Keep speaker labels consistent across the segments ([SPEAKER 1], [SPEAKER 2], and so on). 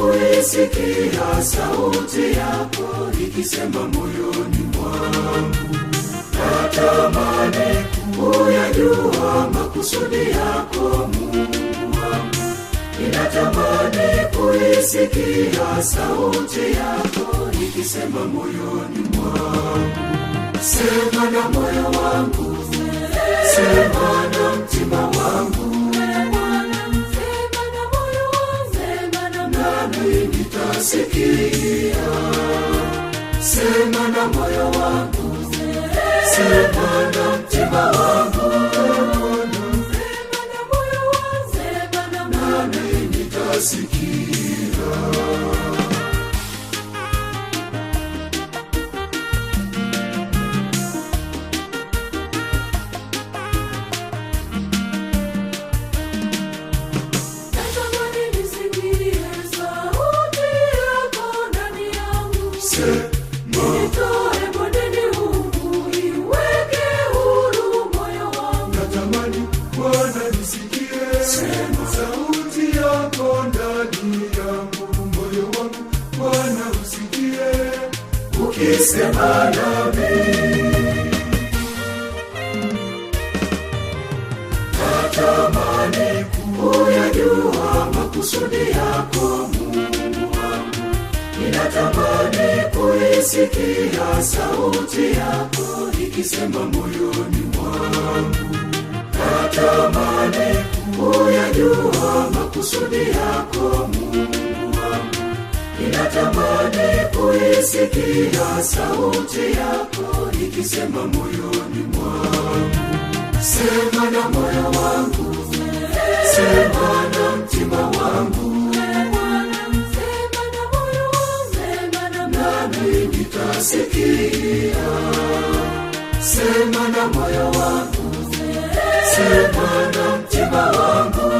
[SPEAKER 1] kuisikia sauti yako ikisema moyoni mwangu natamani kuyajua makusudi yako mungu wangu ninatamani kuisikia sauti yako ikisema moyoni mwangu sema na moyo wangu sema na mtima wangu nasikia, sema na moyo wangu, sema na mtima wangu, nami nitasikia alisema nami natamani kuyajua makusudi yako mungu wangu ninatamani kuisikia sauti yako ikisema moyoni mwangu natamani kuyajua makusudi yako mungu ninatamani kuisikia sauti yako ikisema moyoni mwangu sema na moyo wangu sema na mtima wangu nitasikia sema na moyo wangu sema na mtima wangu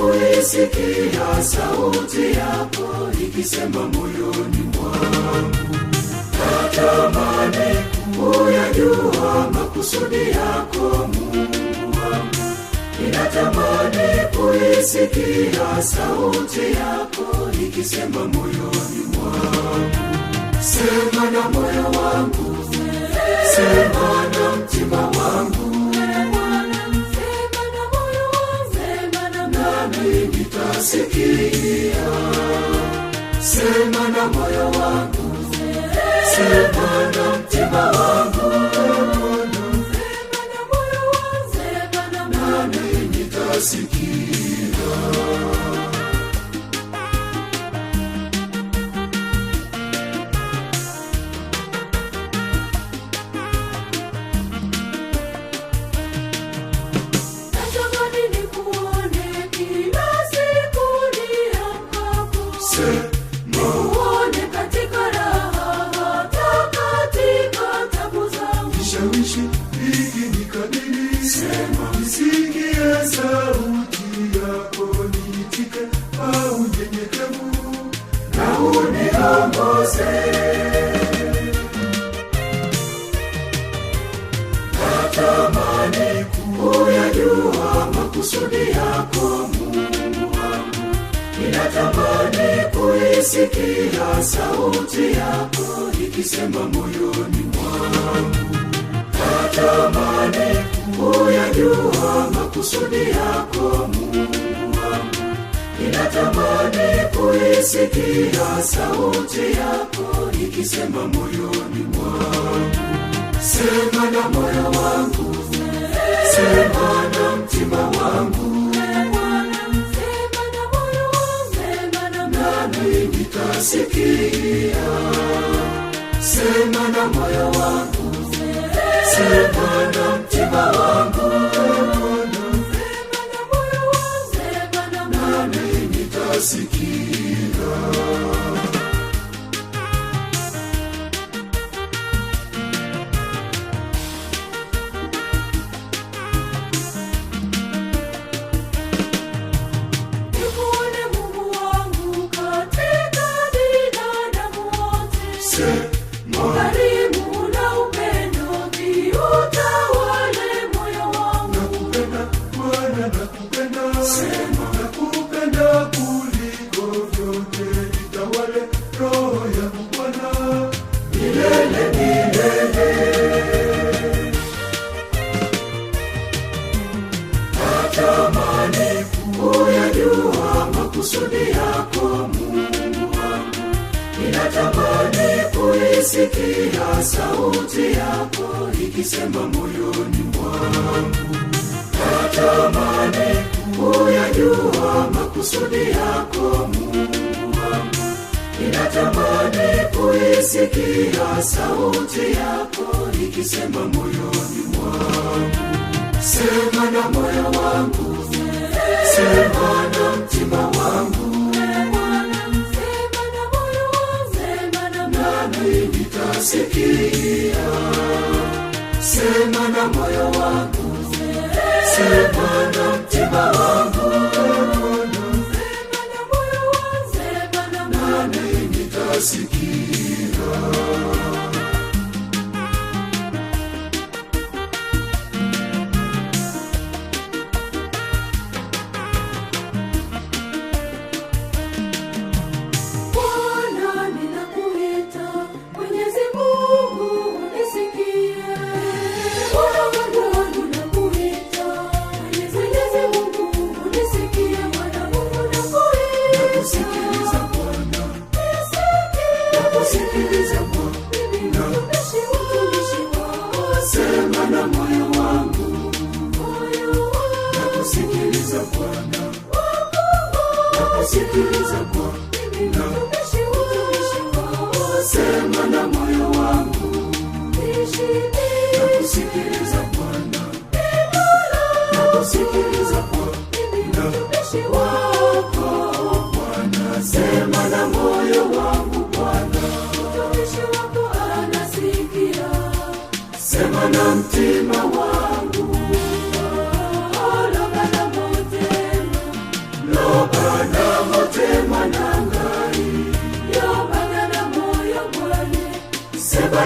[SPEAKER 1] kuisikia sauti yako ikisema moyoni mwangu natamani kuyajua makusudi yako mungu wangu kuisikia sauti yako ikisema moyoni mwangu sema na moyo wangu sema na mtima wangu sema na moyo wangu sema na mtima wangu natamani kuyajua makusudi yako Mungu wangu, ninatamani kuisikia sauti yako ikisema moyoni mwangu, natamani kuyajua makusudi yako Mungu ninatamani kuisikia sauti yako ikisema moyoni mwangu sema na moyo wangu sema na mtima wangu nitasikia sema na moyo wangu sema na mtima wangu kuisikia sauti yako ikisema moyoni mwangu natamani kuyajua makusudi yako mungu wangu kuisikia sauti yako ikisema moyoni mwangu sema na moyo wangu sema na mtima wangu kusikia sema na moyo wangu sema na mtima wangu na Bwana, nakusikiliza Bwana, nakusikiliza Bwana.